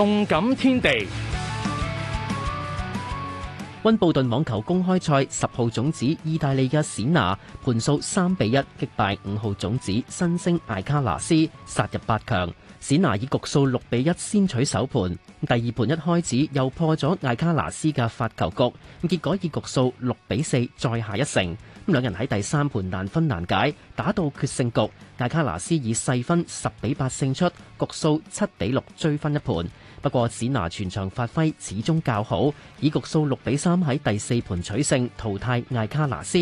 動感天地，溫布頓網球公開賽十號種子意大利嘅冼拿盤數三比一擊敗五號種子新星艾卡拿斯，殺入八強。冼拿以局數六比一先取首盤，第二盤一開始又破咗艾卡拿斯嘅發球局，結果以局數六比四再下一城。咁人喺第三盤難分難解，打到決勝局，艾卡拉斯以細分十比八勝出，局數七比六追分一盤。不過史拿全場發揮始終較好，以局數六比三喺第四盤取勝，淘汰艾卡拉斯。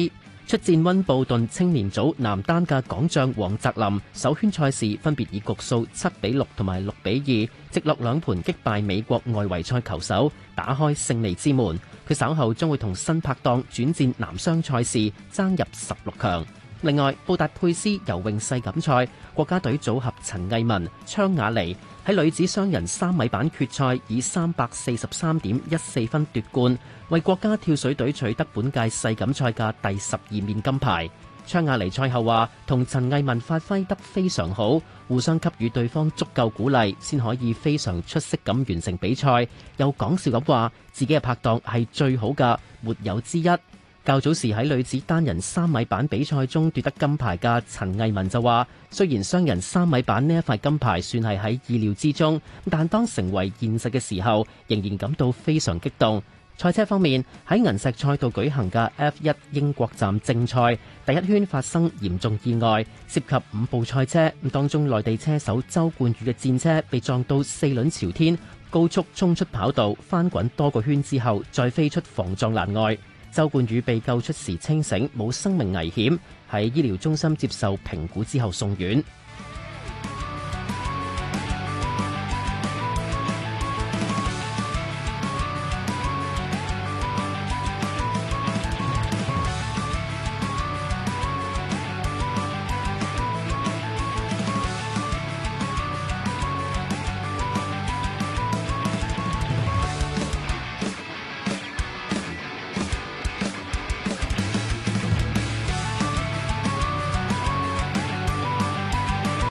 出戰温布頓青年組男單嘅港將王澤林，首圈賽事分別以局數七比六同埋六比二，直落兩盤擊敗美國外圍賽球手，打開勝利之門。佢稍後將會同新拍檔轉戰男雙賽事，爭入十六強。另外，布達佩斯游泳世錦賽國家隊組合陳藝文、昌雅妮喺女子雙人三米板決賽以三百四十三點一四分奪冠，為國家跳水隊取得本屆世錦賽嘅第十二面金牌。昌雅妮賽後話：同陳藝文發揮得非常好，互相給予對方足夠鼓勵，先可以非常出色咁完成比賽。又講笑咁話，自己嘅拍檔係最好噶，沒有之一。較早時喺女子單人三米板比賽中奪得金牌嘅陳藝文就話：雖然雙人三米板呢一塊金牌算係喺意料之中，但當成為現實嘅時候，仍然感到非常激動。賽車方面，喺銀石賽道舉行嘅 F 一英國站正賽第一圈發生嚴重意外，涉及五部賽車，當中內地車手周冠宇嘅戰車被撞到四輪朝天，高速衝出跑道，翻滾多個圈之後再飛出防撞欄外。周冠宇被救出時清醒，冇生命危險，喺醫療中心接受評估之後送院。